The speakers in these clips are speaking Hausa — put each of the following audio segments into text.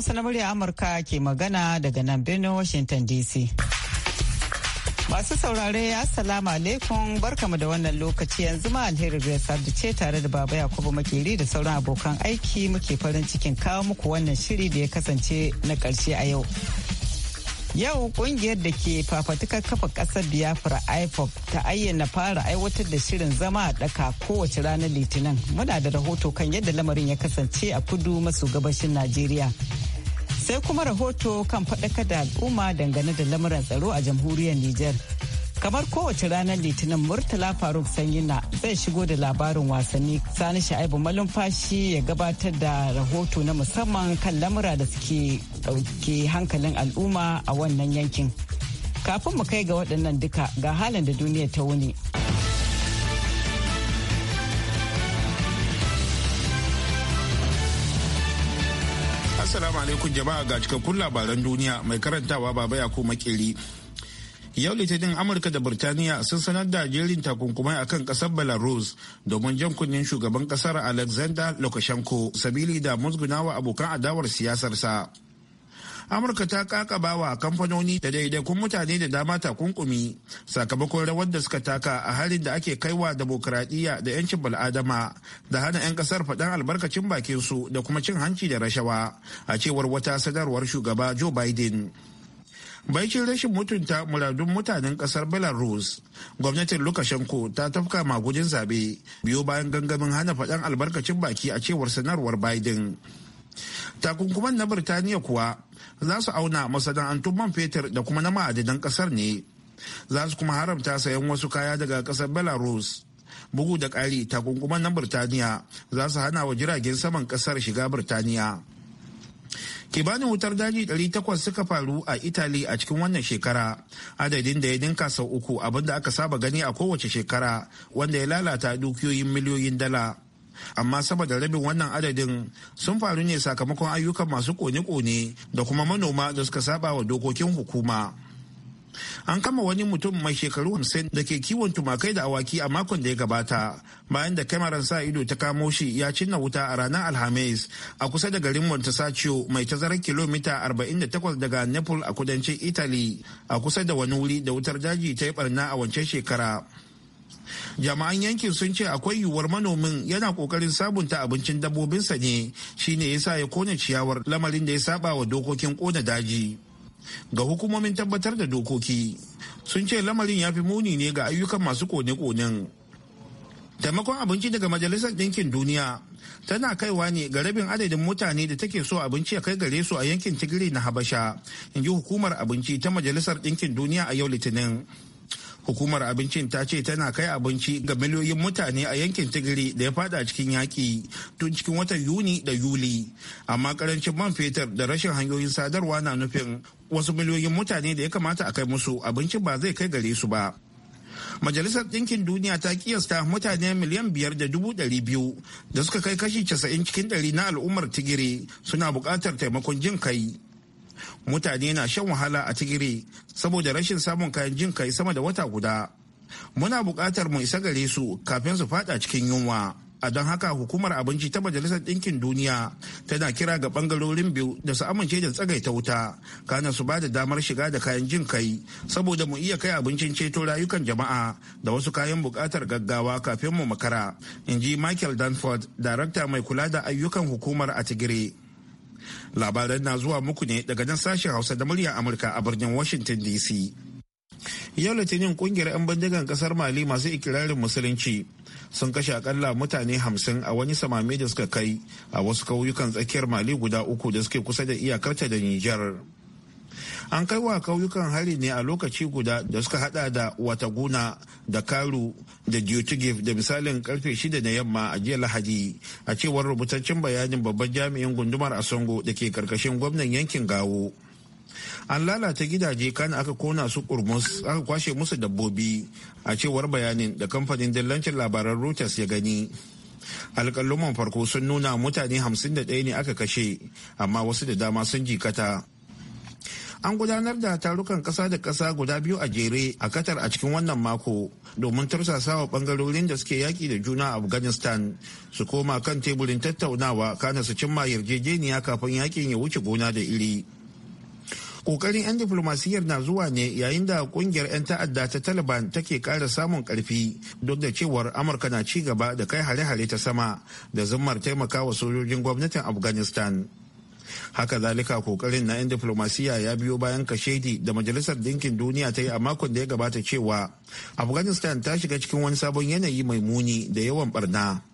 Hausa na murya Amurka ke magana daga nan birnin Washington DC. Masu saurare Assalamu alaikum barkamu da wannan lokaci yanzu ma alheri Grace Abdi ce tare da Baba Yakubu Makeri da sauran abokan aiki muke farin cikin kawo muku wannan shiri da ya kasance na karshe a yau. Yau kungiyar da ke fafatukar kafa ƙasar Biafra IFOP ta ayyana fara aiwatar da shirin zama a ɗaka kowace ranar Litinin. Muna da rahoto kan yadda lamarin ya kasance a kudu maso gabashin Najeriya. sai kuma rahoto kan faɗaka da al'umma dangane da lamuran tsaro a jamhuriyar Nijar. Kamar kowace ranar Litinin Murtala Faruk Sanyina zai shigo da labarin wasanni sani sha'ibu malumfashi ya gabatar da rahoto na musamman kan lamura da suke ɗauke hankalin al'umma a wannan yankin. Kafin mu kai ga waɗannan duka ga halin da duniya ta wuni. Assalamu alaikum jama'a ga cikakkun labaran duniya mai karantawa baba yako makeri. Yau Litinin Amurka da Birtaniya sun sanar da jerin takunkumai akan kasar Belarus domin jan kunnen shugaban kasar Alexander Lukashenko sabili da musgunawa abokan adawar siyasarsa. amurka ta kaka wa kamfanoni da daidaikun mutane da dama takunkumi sakamakon rawar da suka taka a halin da ake kaiwa demokuraɗiyya da 'yancin bal'adama da hana 'yan ƙasar faɗan albarkacin bakinsu da kuma cin hanci da rashawa a cewar wata sadarwar shugaba joe biden baikin rashin mutunta muradun mutanen kasar belarus gwamnatin lukashenko ta tafka magudin zabe biyo bayan gangamin hana faɗan albarkacin baki a cewar sanarwar biden takunkuman na birtaniya kuwa za su auna masana'antun man fetur da kuma na ma'adinan kasar ne za su kuma haramta sayan wasu kaya daga kasar belarus bugu da ƙari takunkuman na birtaniya za su hana wa jiragen saman kasar shiga birtaniya kibanin wutar daji 800 suka faru a italy a cikin wannan shekara adadin da ya dinka sau uku abinda aka saba gani a kowace shekara wanda ya lalata dukiyoyin miliyoyin dala amma saboda rabin wannan adadin sun faru ne sakamakon ayyukan masu kone-kone da kuma manoma da suka saba wa dokokin hukuma an kama wani mutum mai shekaru hamsin da ke kiwon tumakai da awaki a makon da ya gabata bayan da kamaran sa ido ta kamo shi ya cinna wuta a ranar alhamis a kusa da garin montesaccio mai tazarar kilomita 48 daga naples a kudancin italy a kusa da wani wuri da wutar daji ta yi barna a wancan shekara jama'an yankin sun ce akwai yiwuwar manomin yana kokarin sabunta abincin dabbobinsa ne shine yasa ya kona ciyawar lamarin da ya saba wa dokokin kona daji ga hukumomin tabbatar da dokoki sun ce lamarin ya fi muni ne ga ayyukan masu kone-konen taimakon abinci daga majalisar ɗinkin duniya tana kaiwa ne ga rabin adadin mutane da take so abinci ya kai gare su a yankin tigiri na habasha in ji hukumar abinci ta majalisar ɗinkin duniya a yau litinin hukumar abincin ta ce tana kai abinci ga miliyoyin mutane a yankin tigiri da ya fada cikin yaƙi tun cikin watan yuni da yuli amma karancin man fetur da rashin hanyoyin sadarwa na nufin wasu miliyoyin mutane da ya kamata a kai musu abinci ba zai kai gare su ba majalisar ɗinkin duniya ta kiyasta mutane miliyan biyar da dubu ɗari biyu da suka kai kashi casa'in cikin ɗari na al'ummar tigiri suna buƙatar taimakon jin kai mutane na shan wahala a tigiri saboda rashin samun kayan jin kai sama da wata guda muna buƙatar mu isa gare su kafin su fada cikin yunwa a don haka hukumar abinci ta majalisar ɗinkin duniya tana kira ga ɓangarorin biyu da su amince da tsagaita wuta kana su ba da damar shiga da kayan jin kai saboda mu iya kai abincin ceto rayukan jama'a da wasu kayan bukatar gaggawa kafin mu makara in ji michael danford darakta mai kula da ayyukan hukumar a tigire Labaran na zuwa muku ne daga nan sashen Hausa da murya Amurka a birnin Washington DC. Yau Litinin kungiyar 'yan bindigan kasar Mali masu ikirarin musulunci sun kashe akalla mutane hamsin a wani samame da suka kai a wasu kauyukan tsakiyar Mali guda uku da suke kusa da iyakarta da Nijar. an kai wa kauyukan hari ne a lokaci guda da suka hada da wataguna da karu da dutugiv da misalin karfe shida na yamma a jiya lahadi a cewar rubutaccen bayanin babban jami'in gundumar asongo da ke karkashin gwamnan yankin gawo an lalata gidaje kan aka kona su kurmus aka kwashe musu dabbobi a cewar bayanin da kamfanin dillancin labaran reuters ya gani alƙalluman farko sun nuna mutane 51 ne aka kashe amma wasu da dama sun jikata an gudanar da tarukan kasa da kasa guda biyu a jere a Qatar a cikin wannan mako domin tursasawa bangarorin da suke yaki da juna a Afghanistan su koma kan teburin tattaunawa kana su cimma yarjejeniya kafin yakin ya wuce gona da iri. Kokarin 'yan diflomasiyyar na zuwa ne yayin da kungiyar 'yan ta'adda ta Taliban take kara samun karfi duk da cewar Amurka na ci gaba da kai hare-hare ta sama da zummar taimakawa sojojin gwamnatin Afghanistan. haka zalika kokarin na 'yan diplomasiya ya biyo bayan kashedi da majalisar dinkin duniya ta yi a makon da ya gabata cewa afghanistan ta shiga cikin wani sabon yanayi mai muni da yawan barna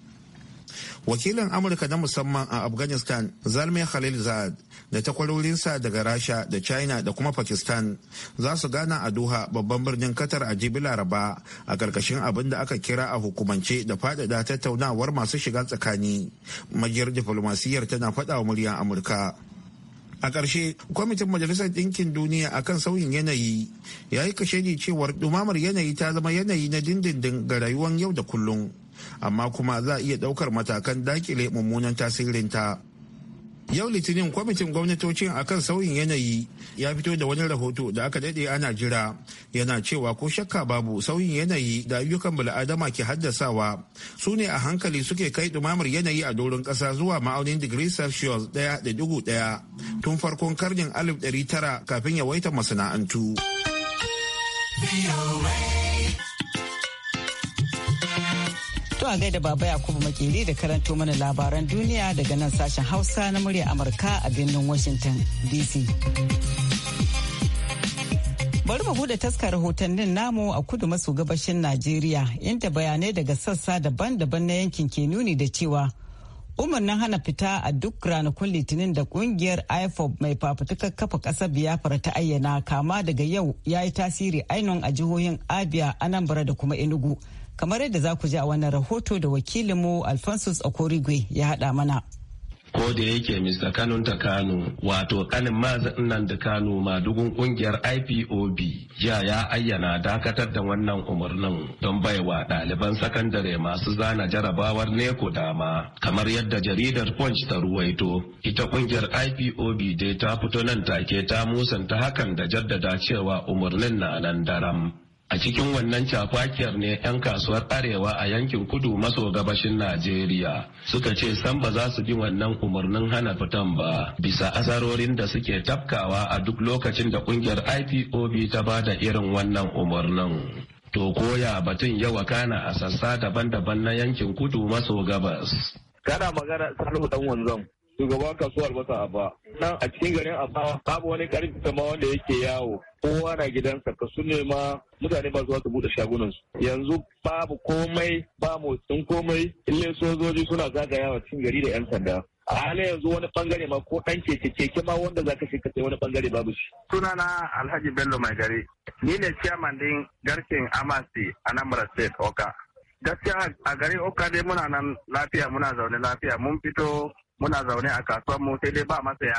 wakilin amurka na musamman a afghanistan zalmai khalilzad da takwarorinsa daga rasha da china da kuma pakistan za su gana a doha babban birnin qatar a jibi laraba a karkashin abin da aka kira a hukumance da fadada tattaunawar masu shiga tsakani majiyar diflomasiyyar tana faɗa wa muryar amurka a ƙarshe kwamitin majalisar ɗinkin duniya akan sauyin yanayi ya yi kashe cewar ɗumamar yanayi ta zama yanayi na dindindin ga rayuwar yau da kullum amma kuma za a iya ɗaukar matakan dakile mummunan tasirinta. Yau Litinin kwamitin gwamnatocin akan sauyin yanayi ya fito da wani rahoto da aka daɗe ana jira yana cewa ko shakka babu sauyin yanayi da ayyukan bala'adama ke haddasawa su ne a hankali suke kai ɗumamar yanayi a doron ƙasa zuwa ma'aunin digiri Celsius ɗaya tun farkon karnin alif ɗari tara kafin yawaita masana'antu. To a gaida Baba Yakubu Makeri da karanto mana labaran duniya daga nan sashen Hausa na murya Amurka a birnin Washington DC. Bari mu bude taskar rahotannin namu a kudu maso gabashin Najeriya inda bayanai daga sassa daban-daban na yankin ke nuni da cewa umarnin hana fita a duk ranakun litinin da kungiyar ifob mai fafutukar kafa kasa biyafar ta ayyana kama daga yau ya yi tasiri ainihin a jihohin abia anambra da kuma enugu kamar yadda za ku ji a wannan rahoto da wakilinmu alphonsus okorigwe ya haɗa mana ko da yake Mr. Kanun ta Kano wato kanin mazin nan da Kano madugun kungiyar IPOB jiya ya ayyana dakatar da wannan umarnin don baiwa ɗaliban sakandare masu zana jarabawar neko dama kamar yadda jaridar Punch ta ruwaito ita kungiyar IPOB dai ta fito nan take ta musanta hakan da jaddada cewa umarnin na nan daram a cikin wannan cakwakiyar ne 'yan kasuwar arewa a yankin kudu maso gabashin najeriya suka ce san ba za su bi wannan umarnin hana fitan ba bisa asarorin da suke tafkawa a duk lokacin da kungiyar ipob ta ba da irin wannan umarnin to koya batun yawa kana a sassa daban-daban na yankin kudu maso gabas kana magana salo dan wanzam shugaban kasuwar a abba nan a cikin garin abba babu wani karfi sama wanda yake yawo kowa na gidansa ka su nema mutane ba zuwa su bude shagunansu yanzu babu komai ba motsin komai ille sojoji suna zagayawa cikin gari da yan sanda a halin yanzu wani bangare ma ko dan keke keke ma wanda zaka ka sai wani bangare babu shi sunana alhaji bello mai gari ni ne chairman din garkin amasi a namara state oka gaskiya a garin oka dai muna nan lafiya muna zaune lafiya mun fito muna zaune a kasuwar mu sai dai ba masaya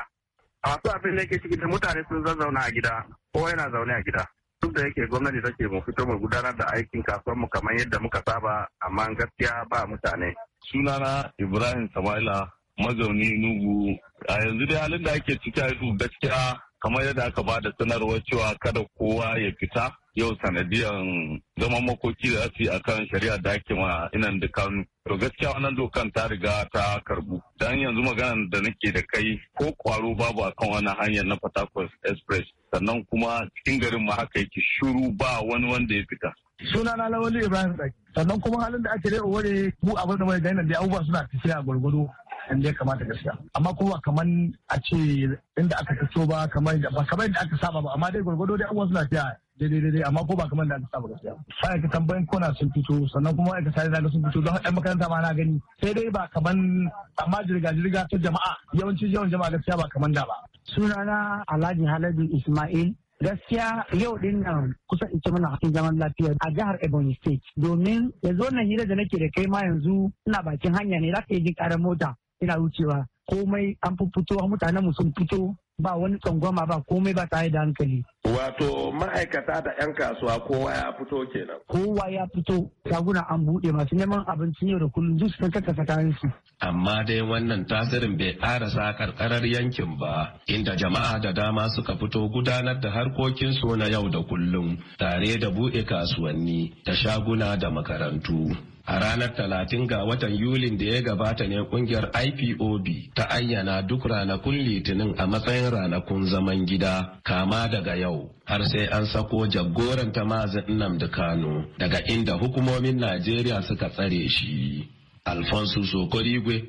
a wasu abin da yake ciki da mutane sun zazzauna a gida kowa yana zaune a gida duk da yake gwamnati take mu fito mu gudanar da aikin kasuwar mu kamar yadda muka saba amma gaskiya ba mutane sunana ibrahim samaila mazauni nugu a yanzu dai halin da ake ciki a gaskiya kamar yadda aka ba da sanarwar cewa kada kowa ya fita yau sanadiyan zaman makoki da su a kan shari'a da ake ma inan da kanu to gaskiya wannan dokan ta riga ta karbu dan yanzu maganan da nake da kai ko kwaro babu akan wannan hanyar na patakos Express sannan kuma cikin garin ma haka yake shiru ba wani wanda ya fita suna na lawali ibrahim sannan kuma halin da ake rewa wani mu abin da mai gani da abubuwa suna tafiya gwargwado da ya kamata gaskiya amma kuma kaman a ce inda aka fito ba kamar ba kamar inda aka saba ba amma dai gwargwado dai abubuwan suna fiya daidai daidai amma ko ba kamar da aka saba gaskiya sai ka tambayin na sun fito sannan kuma aka sai da sun fito don haɗa makaranta ma na gani sai dai ba kaman amma jirga jirga ta jama'a yawanci yawan jama'a gaskiya ba kaman da ba sunana Alhaji Haladu Ismail gaskiya yau din nan kusan in ci mana hakin zaman lafiya a jihar Ebonyi State domin yanzu wannan hira da nake da kai ma yanzu ina bakin hanya ne za ka yi jin mota ina wucewa komai an fito mutanen mu sun fito ba wani tsangwama ba komai ba tare da hankali. Wato ma'aikata da 'yan kasuwa kowa ya fito kenan. Kowa ya fito shaguna an buɗe masu neman abincin yau da kullum duk sun kaka su. Amma dai wannan tasirin bai ƙarasa karkarar yankin ba inda jama'a da dama suka fito gudanar da harkokin su na yau da kullum tare da buɗe kasuwanni da shaguna da makarantu. A ranar talatin ga watan Yulin da ya gabata ne kungiyar IPOB ta ayyana duk ranakun litinin a matsayin ranakun zaman gida kama daga yau. Har sai an sako jagoran ta mazin Nnamdi Kano daga inda hukumomin Najeriya suka tsare shi. Alfonso Sokorigwe,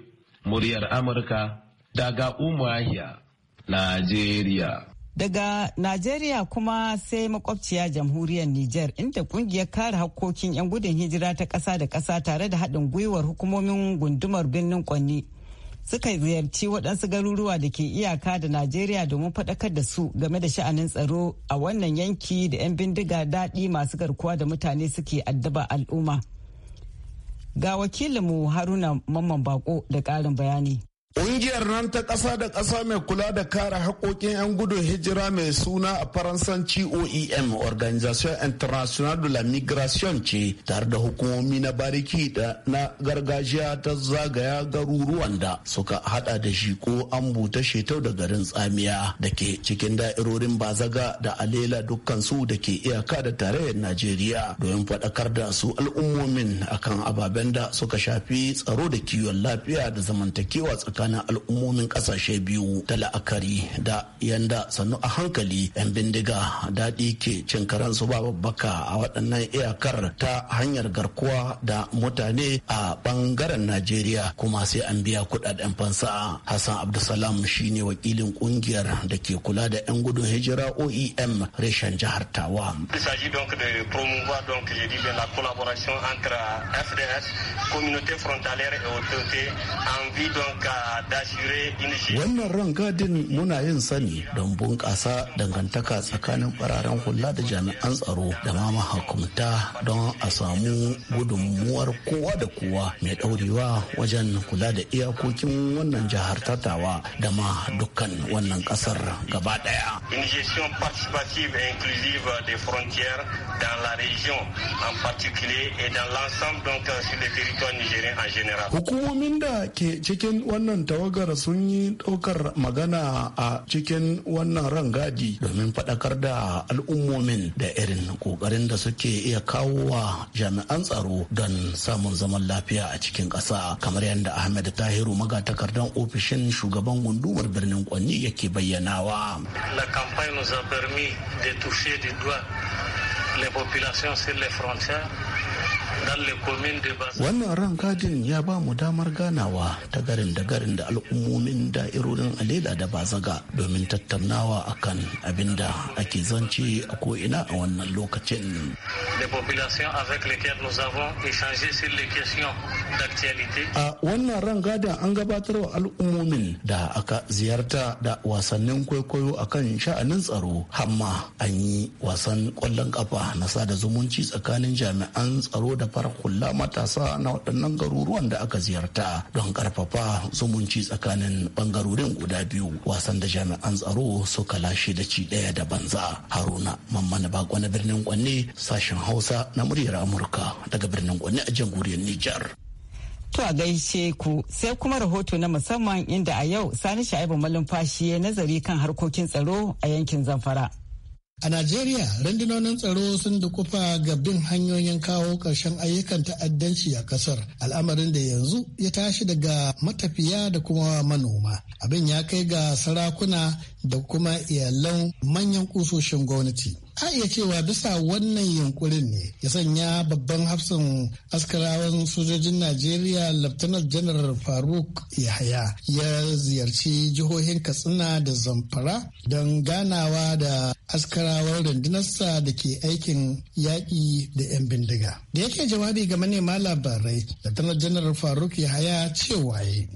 muryar Amurka, daga Umuahia, Najeriya. Daga Najeriya kuma sai makwabciya jamhuriyar Nijar inda kungiyar kare hakkokin 'yan gudun hijira ta ƙasa da ƙasa tare da haɗin gwiwar hukumomin gundumar birnin Kwanni suka ziyarci waɗansu garuruwa da ke iyaka da Najeriya domin faɗakar da su game da sha'anin tsaro a wannan yanki da 'yan bindiga daɗi masu garkuwa da mutane suke addaba al'umma. Ga wakilinmu Haruna Mamman Bako da ƙarin bayani. Ƙungiyar nan ta ƙasa da ƙasa mai kula da kare haƙoƙin 'yan gudun hijira mai suna a Faransanci OEM Organisation International de la Migration ce tare da hukumomi na bariki da na gargajiya ta zagaya garuruwan da suka hada da shi ko an buta shetau da garin tsamiya da ke cikin da'irorin bazaga da alela dukkansu da ke iyaka da tarayyar Najeriya domin faɗakar da su al'ummomin akan ababen da suka shafi tsaro da kiwon lafiya da zamantakewa tsakanin tsakanin al'ummomin kasashe biyu ta la'akari da yanda sannu a hankali 'yan bindiga daɗi ke cin karansu ba babbaka a waɗannan iyakar ta hanyar garkuwa da mutane a bangaren najeriya kuma sai an biya kuɗaɗen fansa hassan abdulsalam shine wakilin ƙungiyar da ke kula da 'yan gudun hijira oem reshen jihar tawa Communauté frontalière et autorité en vue donc à Wannan rangadin muna yin sani don bunƙasa dangantaka tsakanin fararen hula da jami'an tsaro da ma mahakumta don a samu gudunmuwar kowa da kowa mai ɗaurewa wajen kula da iyakokin wannan jihar tatawa da ma dukkan wannan ƙasar gaba ɗaya. Hukumomin da ke cikin wannan wannan tawagar sun yi ɗaukar magana a cikin wannan rangadi domin faɗakar da al'ummomin da irin ƙoƙarin da suke iya kawo wa jami'an tsaro don samun zaman lafiya a cikin ƙasa kamar yadda ahmed tahiru magatakardan ofishin shugaban gundumar birnin kwanni yake bayyanawa la campagne de les populations sur les frontières Wannan rangadin ya ba mu damar ganawa ta garin da garin da al'ummomin da'irorin Alela da Bazaga domin tattaunawa akan abin da ake zance a ko'ina a wannan lokacin. A wannan rangadin an gabatar wa al'ummomin da aka ziyarta da wasannin kwaikwayo akan sha'anin tsaro hamma an yi wasan kwallon kafa na sada zumunci tsakanin jami'an tsaro da fara kula matasa na waɗannan garuruwan da aka ziyarta don ƙarfafa zumunci tsakanin ɓangarorin guda biyu wasan da jami'an tsaro suka lashe da ci ɗaya da banza haruna mamman bako na birnin kwanne sashen hausa na muryar amurka daga birnin kwanne a jamhuriyar nijar To a gaishe ku sai kuma rahoto na musamman inda a yau sani sha'ibu malumfashi ya nazari kan harkokin tsaro a yankin zamfara. A Najeriya, rundunonin tsaro sun dukufa ga bin hanyoyin kawo ƙarshen ayyukan ta'addanci a ƙasar, al'amarin da yanzu ya tashi daga matafiya da kuma manoma. Abin ya kai ga sarakuna da kuma iyalan manyan ƙusoshin gwamnati. a iya cewa bisa wannan yunkurin ne ya sanya babban hafsan askarawan sojojin najeriya lieutenant janar faruk yahaya ya ziyarci jihohin katsina da zamfara don ganawa da askarawar rundunarsa da ke aikin yaƙi da 'yan bindiga da yake jawabi ga manema labarai lieutenant janar faruk yahaya cewa yi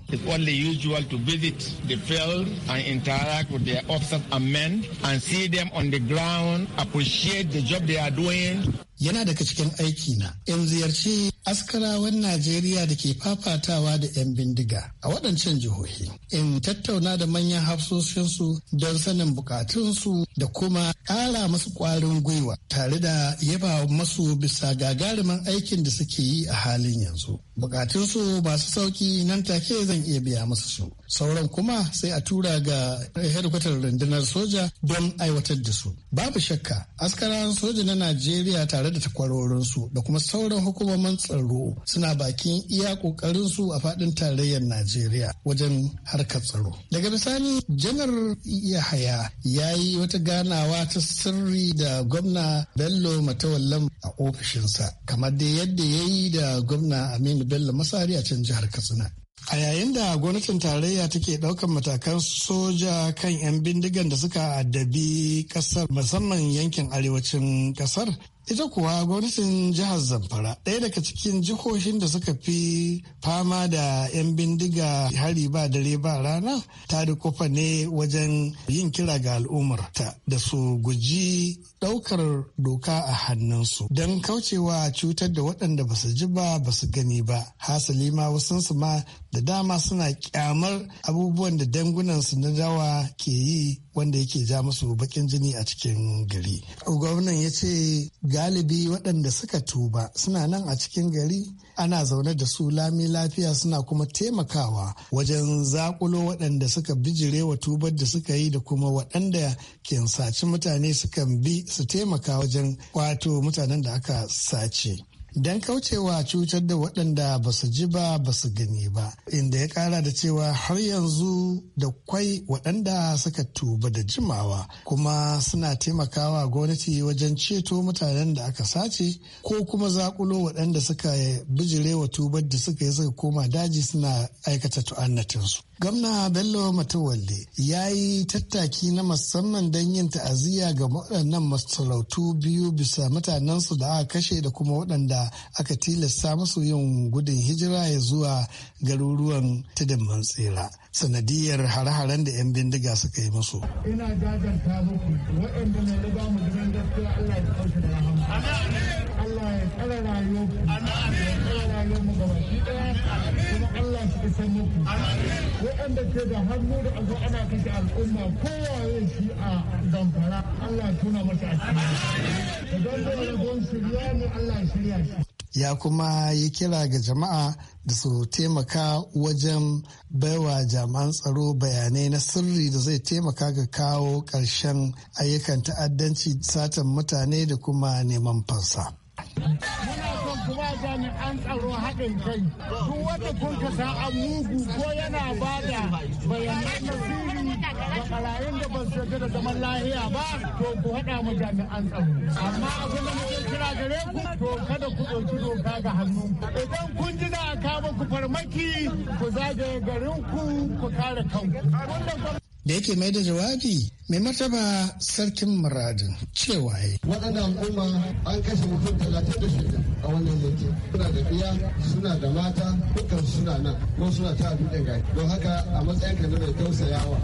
and interact with officers men and see them on the ground We share the job they are doing. yana daga cikin aiki na in ziyarci askarawan najeriya da ke fafatawa da 'yan bindiga a waɗancan jihohi in tattauna da manyan hafsoshinsu don sanin bukatunsu da kuma ƙara masu ƙwarin gwiwa tare da yaba masu bisa gagarumin aikin da suke yi a halin yanzu bukatunsu masu sauki nan take zan iya biya masu su sauran kuma sai a tura ga hedkwatar rundunar soja don aiwatar da su babu shakka askarawan soja na najeriya tare da takwarorinsu da kuma sauran hukumomin tsaro suna bakin iya kokarinsu a fadin tarayyar Najeriya wajen harkar tsaro. Daga bisani janar Yahaya ya yi wata ganawa ta sirri da gwamna Bello Matawallam a ofishinsa kamar da yadda ya yi da gwamna Aminu Bello Masari a can jihar Katsina. A yayin da gwamnatin tarayya take ɗaukar matakan soja kan 'yan bindigan da suka addabi ƙasar musamman yankin arewacin ƙasar ita kuwa gwamnatin jihar zamfara ɗaya daga cikin jihohin da suka fi fama da 'yan bindiga hari ba dare ba rana ta da kofa ne wajen yin kira ga al'ummarta da su guji ɗaukar doka a hannunsu don kaucewa cutar da waɗanda ba su ji ba ba su gani ba hasali ma su ma da dama suna kyamar abubuwan da dangunansu na dawa ke yi wanda yake ja musu baƙin jini a cikin gari gwamnan ya ce ga galibi waɗanda suka tuba suna nan a cikin gari ana zaune da su lami lafiya suna kuma taimakawa wajen zakulo waɗanda suka bijire wa tubar da suka yi da kuma waɗanda ke saci mutane sukan bi su taimaka wajen kwato mutanen da aka sace don kaucewa cutar da waɗanda ba su ji ba ba su gani ba inda ya ƙara da cewa har yanzu da kwai waɗanda suka tuba da jimawa kuma suna taimakawa gwamnati wajen ceto mutanen da aka sace ko kuma zakulo waɗanda suka bijire wa tubar da suka yi suka koma daji suna aikata tu'annatinsu gwamna bello matawalle ya yi tattaki na musamman don yin ta'aziyya ga waɗannan masarautu biyu bisa mutanensu da aka kashe da kuma waɗanda aka tilasta musu yin gudun hijira ya zuwa garuruwan tudun tsira sanadiyar hare-haren da 'yan bindiga suka yi musu. Ina jajanta muku waɗanda na riga mu gidan gaskiya Allah ya kauce da rahama. Allah ya tsara rayuwar ya tsara rayuwar mu gaba shi ɗaya kuma Allah shi isa muku. Waɗanda ke da hannu da azo ana kashe al'umma kowaye shi a zamfara Allah ya tuna masa a cikin. Idan da ragon shirya ne Allah ya shirya shi. ya kuma yi kira ga jama'a da su taimaka wajen baiwa jami'an tsaro bayanai na sirri da zai taimaka ga kawo ƙarshen ayyukan ta'addanci satan mutane da kuma neman fansa. kuma jami'an tsaro haɗin kai duk wanda kun ka ko yana bada bayanai na makarayin da ba su yarda da zaman lahiya ba to ku haɗa mu jami'an tsaro amma abin da muke kira gare ku to kada ku ɗauki doka ga hannu idan kun ji da aka muku farmaki ku zagaye garin ku ku kare kanku da yake mai da jawabi mai martaba sarkin muradin cewa ya waɗanda al'umma an kashe mutum talatin da shida a wannan yanki suna da biya suna da mata dukkan suna nan ko suna ta dutsen gari don haka a matsayin ka na mai tausayawa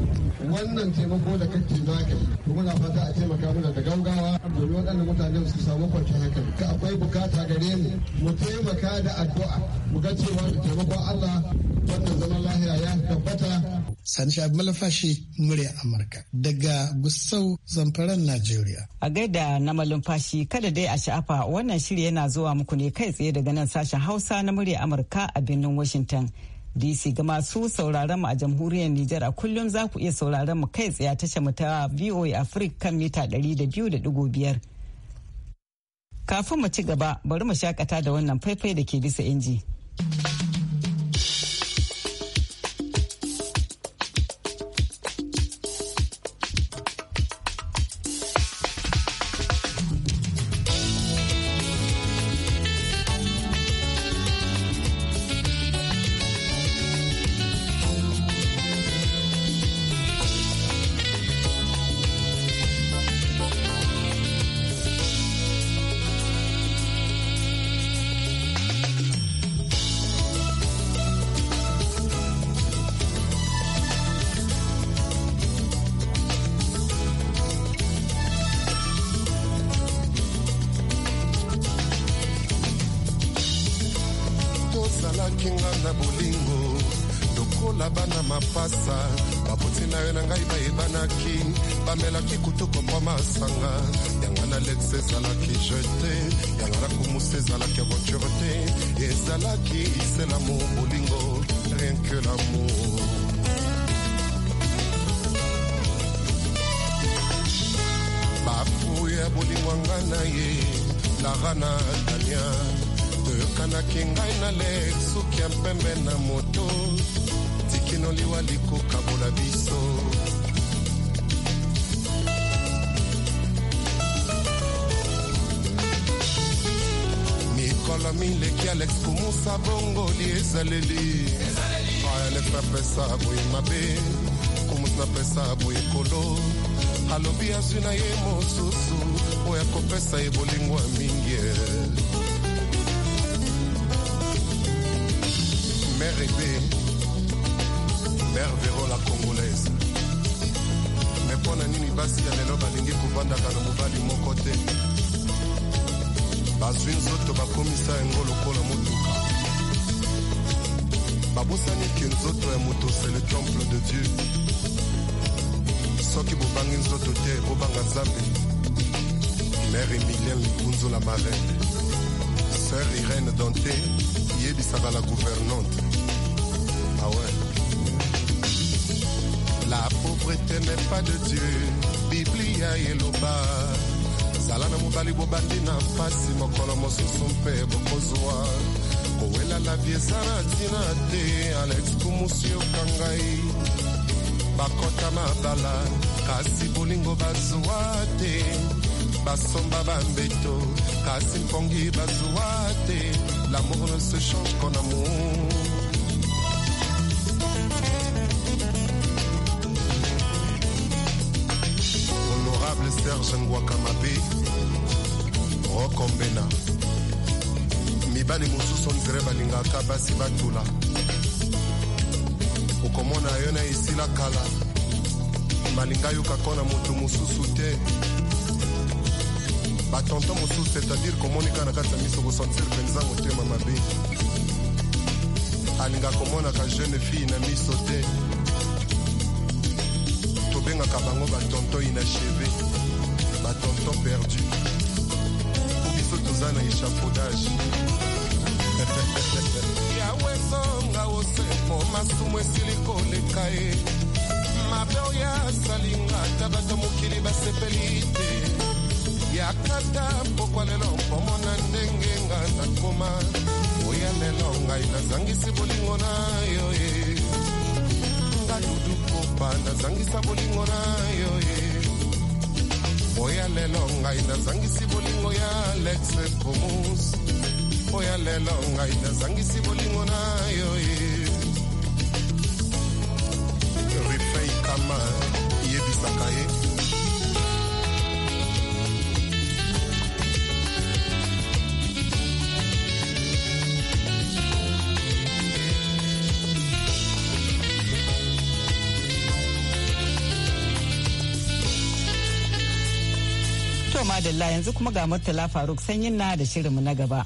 wannan taimako da kake za ka yi muna fata a taimaka muna da gaugawa domin waɗannan mutanen su samu kwanciyar hankali ka akwai bukata gare mu mu taimaka da addu'a mu ga cewa da taimakon Allah wannan zaman lahiya ya tabbata. Sani Shabi Malafashi murya Amurka daga Gusau Zamfaran Najeriya. A gaida na malumfashi kada dai a sha'afa wannan shirya yana zuwa muku ne kai tsaye daga nan sashen Hausa na murya Amurka a birnin Washington. DC ga masu sauraron mu a jamhuriyar Nijar a kullum za ku iya sauraron mu kai tsaye tashar mu ta VOA Africa kan mita 200.5. Kafin mu ci gaba bari mu shakata da wannan faifai da ke bisa inji. ekanaki bamelaki kutu komba masanga yanga na lex ezalaki jete yanga na komusa ezalaki aventure te ezalaki iselamo bolingo rien que lamour ya bolingwanga na ye larana dania toyokanaki ngai na lex suki ya mpembe na moto tikinoliwa likokabola biso ozala mileki alex komusa bongoli ezaleli alex apesa boye mabe komusi napesa boye kolo alobi azwi na ye mosusu oyo akopesa ye bolingwa mingi mere ebe mere vero la congolaise me mpo na nini basi ya lelo balingi kovandaka na mobali moko te bazwi nzoto bakomisa yango lokola motuka babosani eke nzoto ya moto se le temple de dieu soki bobangi nzoto te bobanga nzambe mare emilien likunzu la marene sœur irene dante yebisaka la gouvernante awe ah la pauvreté n'est pas de dieu biblia eloba bana mobali bobandi na mpasi mokolo mosusu mpe bokozwa kowela lavi eza na ntina te alex kumusi yoka ngai bakɔta mabala kasi bolingo bazwa te basomba bambeto kasi mpongi bazwa te lamour ne se change kon amour serge ngwakama mpe rokombena mibali mosusu ondre balingaka basi batula okomona yo na esila kala malinga yokaka na moto mosusu te batonto mosusu c'est-à-dire komonika na kati ya miso kosentir mpenza motema mabe alinga komonaka jeune fille na miso te tobengaka bango batonto inacheve temps perdu. Il échafaudage. yawe asalinga basepeli te yakata lelo mpomona ndenge nga nakoma oya oh, lelo ngai nazangisi bolingo na yo ye kopa nazangisa bolingo na yo ye oya lelo ngai nazangisi bolingo ya Alex Pumus. oya lelo ngai nazangisi bolingo na yo ye kama yebisaka ye madalla yanzu kuma ga Murtala Faruk sanyin na da shirinmu na gaba.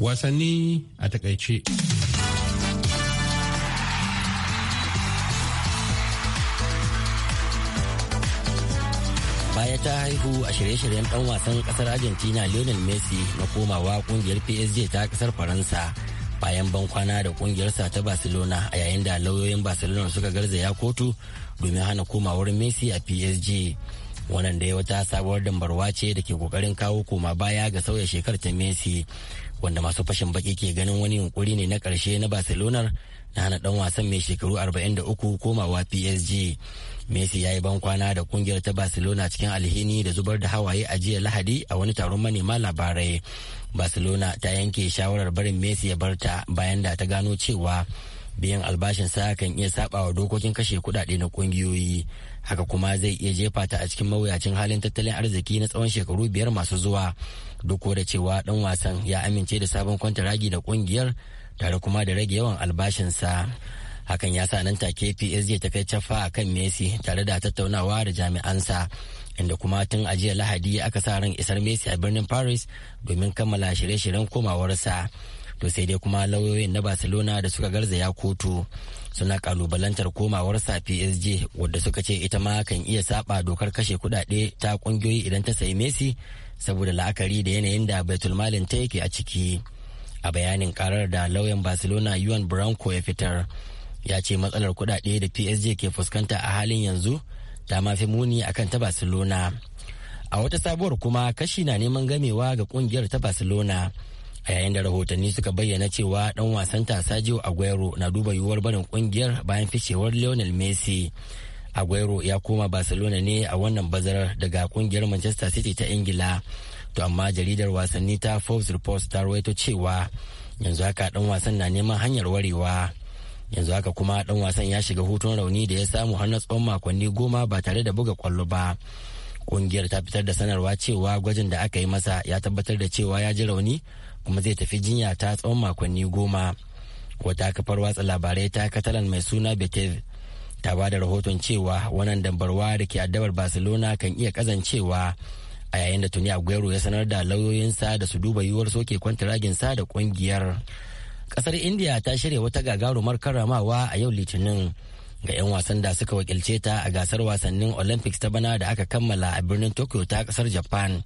Wasanni a takaice. baya ta haihu a shirye-shiryen dan wasan kasar argentina lionel messi na komawa kungiyar psg ta kasar faransa bayan ban kwana da kungiyarsa ta barcelona a yayin da lauyoyin barcelona suka garzaya kotu domin hana komawar messi a psg wannan da ya wata sabuwar dambarwa ce da ke kokarin kawo koma baya ga sauya shekar ta messi wanda masu fashin baki ke ganin wani yunkuri ne na karshe na barcelona na hana dan wasan mai shekaru 43 komawa psg messi ya yi bankwana da kungiyar ta barcelona cikin alhini da zubar da hawaye a jiya lahadi a wani taron manema labarai barcelona ta yanke shawarar barin messi ya barta bayan da ta gano cewa biyan albashinsa kan iya sabawa dokokin kashe kudade na kungiyoyi haka kuma zai iya jefa ta a cikin mawuyacin halin tattalin arziki na tsawon shekaru biyar masu zuwa duk da cewa dan wasan ya amince da sabon kwantaragi da kungiyar tare kuma da rage yawan albashinsa hakan ya sa nan take psg ta kai cafa a kan messi tare da tattaunawa da jami'ansa inda kuma tun a jiya lahadi aka sa ran isar messi a birnin paris domin kammala shirye-shiryen komawarsa to sai dai kuma lauyoyin na barcelona da suka garzaya kotu suna kalubalantar komawarsa psg wadda suka ce ita ma kan iya saba dokar kashe kudade ta kungiyoyi idan ta sayi messi saboda la'akari da yanayin da malin ta yake a ciki a bayanin karar da lauyan barcelona yuan branco ya fitar ya ce matsalar kudade da psg ke fuskanta a halin yanzu ta mafi muni akan ta barcelona a wata sabuwar kuma kashi na neman gamewa ga kungiyar ta barcelona a yayin da rahotanni suka bayyana cewa dan wasan Sergio Aguero na duba yiwuwar barin kungiyar bayan ficewar Lionel Messi. Aguero ya koma Barcelona ne a wannan bazarar daga kungiyar Manchester City ta Ingila. To amma jaridar wasanni ta Forbes Report ta rawaito cewa yanzu haka dan wasan na neman hanyar warewa. Yanzu haka kuma dan wasan ya shiga hutun rauni da ya samu har na tsawon makonni goma ba tare da buga kwallo ba. Kungiyar ta fitar da sanarwa cewa gwajin da aka yi masa ya tabbatar da cewa ya ji rauni kuma zai tafi jinya ta tsawon makonni goma wata kafar watsa labarai ta katalan mai suna betev ta ba da rahoton cewa wannan dambarwa da ke addabar barcelona kan iya kazancewa a yayin da tuni aguero ya sanar da lauyoyinsa da su duba yiwuwar soke sa da kungiyar kasar india ta shirya wata gagarumar karramawa a yau litinin ga 'yan wasan da suka wakilce ta a gasar wasannin olympics ta bana da aka kammala a birnin tokyo ta kasar japan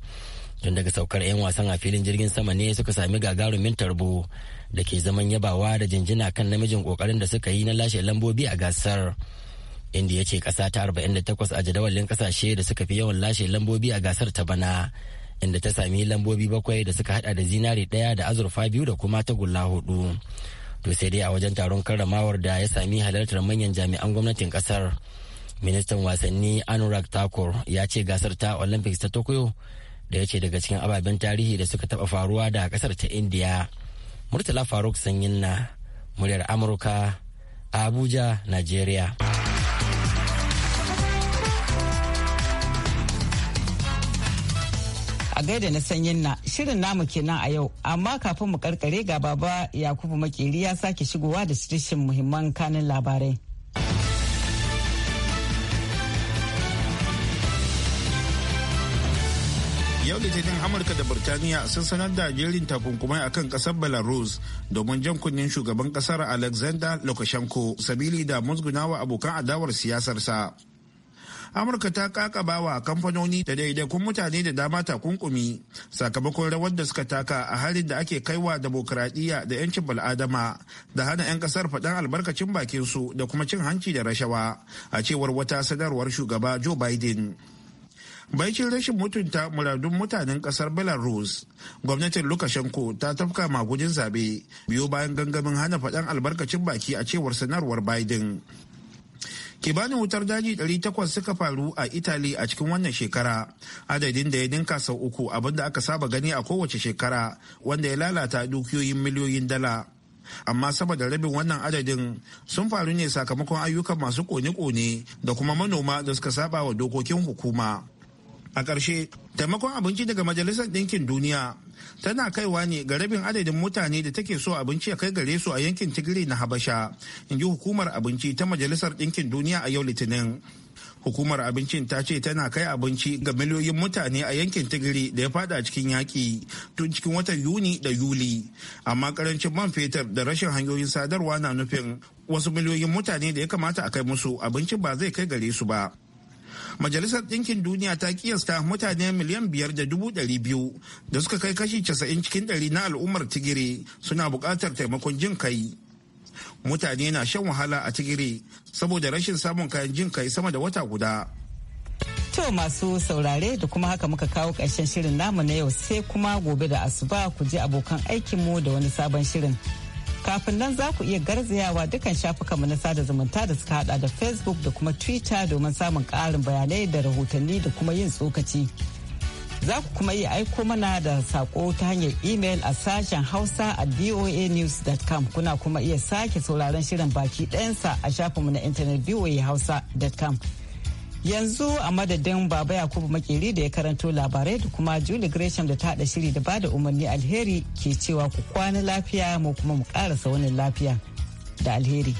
tun daga saukar 'yan wasan a filin jirgin sama ne suka sami gagarumin tarbo da ke zaman yabawa da jinjina kan namijin kokarin da suka yi na lashe lambobi a gasar inda ya ce kasa ta 48 a jadawalin kasashe da suka fi yawan lashe lambobi a gasar ta bana inda ta sami lambobi bakwai da suka hada da zinari daya da azurfa biyu da kuma tagulla hudu to sai dai a wajen taron karramawar da ya sami halartar manyan jami'an gwamnatin kasar ministan wasanni anurag takur ya ce gasar ta olympics ta tokyo da ya ce daga cikin ababen tarihi da suka taɓa faruwa da kasar ta indiya murtala faruk sanyin na muryar amurka abuja nigeria a gaida na sanyin na shirin namu kenan a yau amma kafin mu karkare ga baba yakubu makeri ya sake shigowa da shirin muhimman kanin labarai yau litinin amurka da birtaniya sun sanar da jerin takunkumai a kan kasar belarus domin jan kunnen shugaban kasar alexander lukashenko sabili da musgunawa abokan adawar siyasarsa amurka ta kakaba wa kamfanoni da daidaikun mutane da dama takunkumi sakamakon rawar da suka taka a halin da ake kaiwa demokradiyya da 'yancin bal'adama da hana 'yan kasar faɗan albarkacin bakinsu da kuma cin hanci da rashawa a cewar wata sadarwar shugaba joe biden Bakin rashin mutunta muradun mutanen kasar Belarus, gwamnatin Lukashenko ta tafka magudin zabe biyo bayan gangamin hana faɗan albarkacin baki a cewar sanarwar Biden. bani wutar daji 800 suka faru a italy a cikin wannan shekara adadin da ya dinka sau uku abinda aka saba gani a kowace shekara wanda ya lalata dukiyoyin miliyoyin dala amma saboda rabin wannan adadin sun faru ne sakamakon ayyukan masu kone-kone da kuma manoma da suka saba wa dokokin hukuma a ƙarshe taimakon abinci daga majalisar ɗinkin duniya tana kaiwa ne ga rabin adadin mutane da take so abinci ya kai gare su a yankin tigiri na habasha in ji hukumar abinci ta majalisar ɗinkin duniya a yau litinin hukumar abincin ta ce tana kai abinci ga miliyoyin mutane a yankin tigiri da ya fada cikin yaƙi tun cikin watan yuni da yuli amma karancin man fetur da rashin hanyoyin sadarwa na nufin wasu miliyoyin mutane da ya kamata a kai musu abinci ba zai kai gare su ba Majalisar Ɗinkin Duniya ta kiyasta mutane miliyan biyar da dubu ɗari biyu da suka kai kashi casa'in cikin ɗari na al'ummar Tigiri suna buƙatar taimakon jin kai. Mutane na shan wahala a Tigiri saboda rashin samun kayan jin kai sama da wata guda. To masu saurare da kuma haka muka kawo ƙarshen shirin namu na yau sai kuma gobe da asuba ku je abokan aikinmu da wani sabon shirin. Kafin nan za ku iya garzayawa dukkan shafukanmu na sada zumunta da suka hada da Facebook da kuma Twitter domin samun karin bayanai da rahotanni da kuma yin tsokaci. Za ku kuma iya aiko mana da sako ta hanyar email a sashen Hausa a voanews.com kuna kuma iya sake sauraron shirin baki ɗayansa a shafinmu na intanet voahausa.com. yanzu a madadin baba yakubu makeri da ya karanto labarai da kuma julie gresham da ta haɗa shiri da bada umarni alheri ke cewa ku kwana lafiya mu kuma mu karasa wani lafiya da alheri.